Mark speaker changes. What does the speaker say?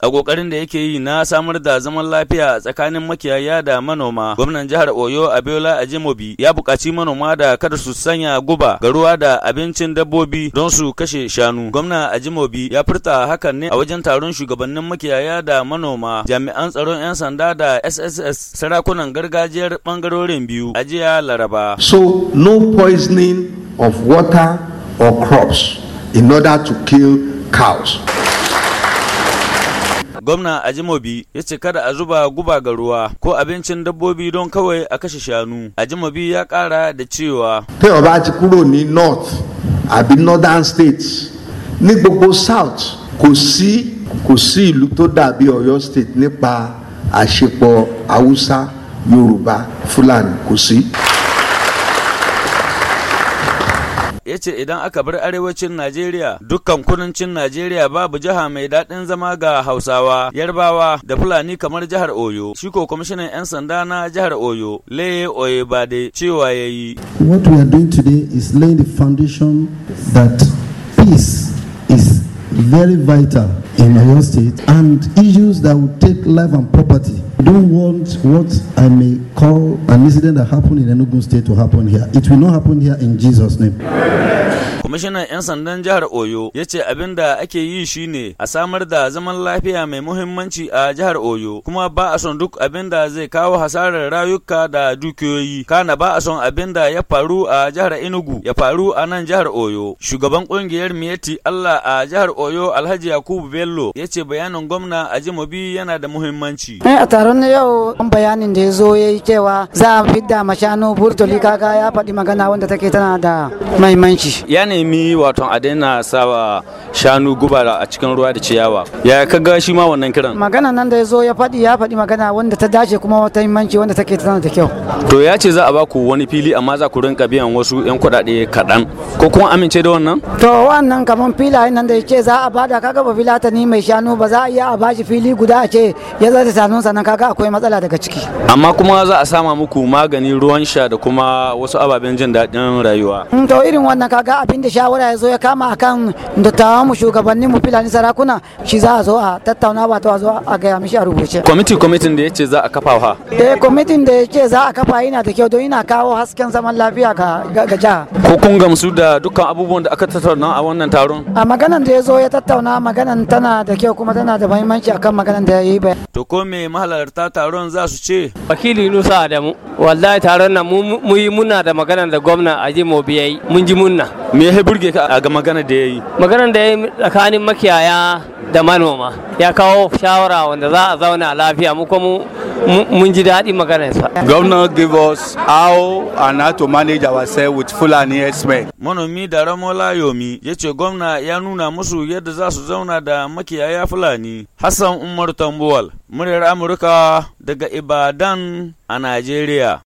Speaker 1: A ƙoƙarin da yake yi na samar da zaman lafiya tsakanin makiyaya da manoma, gwamnan jihar Oyo Abiola Ajimobi ya buƙaci manoma da kada su sanya guba ga ruwa da abincin dabbobi don su kashe shanu. Gwamna Ajimobi ya furta hakan ne a wajen taron shugabannin makiyaya da manoma, jami'an tsaron 'yan sanda da SSS sarakunan gargajiyar bangarorin biyu a jiya Laraba. So no poisoning of water or crops in order to kill cows. Gwamna Ajimobi ya ce kada a zuba guba ga ruwa ko abincin dabbobi don kawai a kashe shanu. Ajimobi ya ƙara da cewa. Tẹ́wọ̀ bá ti kúrò ní North àbí Northern States ní gbogbo South kò sí kò sí ìlú tó dàbí Ọ̀yọ́ State nípa àṣepọ̀ Haúsá Yorùbá Fúlàní kò sí. ya ce idan aka bar arewacin Najeriya dukkan kudancin Najeriya babu jiha mai daɗin zama ga Hausawa, Yarbawa da Fulani kamar jihar Oyo. Shi ko kwamishinan 'yan sanda na jihar Oyo, Leye Bade cewa ya yi. What we are doing today is laying the foundation that peace very vital in Oyo State and issues that will take life and property. Don't want what I may call an incident that happened in Enugu State to happen here. It will not happen here in Jesus' name. Kwamishinan 'yan sandan jihar Oyo ya ce abin da ake yi shine a samar da zaman lafiya mai muhimmanci a jihar Oyo kuma ba a son duk abin da zai kawo hasarar rayuka da dukiyoyi. Kana ba a son abin da ya faru a jihar Enugu ya faru a nan jihar Oyo. Shugaban kungiyar Miyetti Allah a jihar Oyo Alhaji Yakubu Bello ya ce bayanin gwamna Ajimobi yana da muhimmanci.
Speaker 2: a taron yau bayanin da ya zo ya yi cewa za a fidda mashanu burtoli kaga ya faɗi magana wanda take tana da
Speaker 1: muhimmanci. Yani nemi wato a daina sawa shanu guba a cikin ruwa da ciyawa ya kaga shi ma wannan kiran
Speaker 2: magana nan da ya zo ya faɗi ya faɗi magana wanda ta dace kuma wata himmanci wanda take tana da kyau
Speaker 1: to ya ce za a baku wani fili amma za ku rinka biyan wasu yan kuɗaɗe kaɗan ko kuma amince da wannan to
Speaker 2: wannan kamar filayen nan da ya ce za a bada kaga ba filata ni mai shanu ba za a iya a bashi fili guda a ce ya zata shanun sannan kaga akwai matsala daga ciki
Speaker 1: amma kuma za a sama muku magani ruwan sha da kuma wasu ababen jin daɗin rayuwa
Speaker 2: mm, to irin wannan kaga abin da da shawara ya zo ya kama akan dattawan mu shugabannin mu filani sarakuna shi za a zo a tattauna ba ta zo a gaya mishi a rubuce
Speaker 1: kwamiti kwamitin da yace za a kafa wa
Speaker 2: eh kwamitin da yace za a kafa yana da kyau don yana kawo hasken zaman lafiya ga ga jiha
Speaker 1: ko kun gamsu da dukkan abubuwan da aka tattauna a wannan taron
Speaker 2: a maganan da ya zo ya tattauna maganan tana da kyau kuma tana da muhimmanci akan maganan da ya yi bayan
Speaker 1: to ko me mahalarta taron za su ce wakili Nusa Adamu wallahi taron nan mu yi muna da maganan da gwamna Aji Mobi yayi mun ji munna me ya burge ka a ga magana da ya yi maganar da ya yi tsakanin makiyaya da manoma ya kawo shawara wanda za a zauna lafiya mu kuma mun ji daɗin maganarsa governor give us how and how to manage ourselves with fulani herdsmen manomi da ramola yomi ya ce gwamna ya nuna musu yadda za su zauna da makiyaya fulani hassan umar tambuwal muryar amurka daga ibadan a najeriya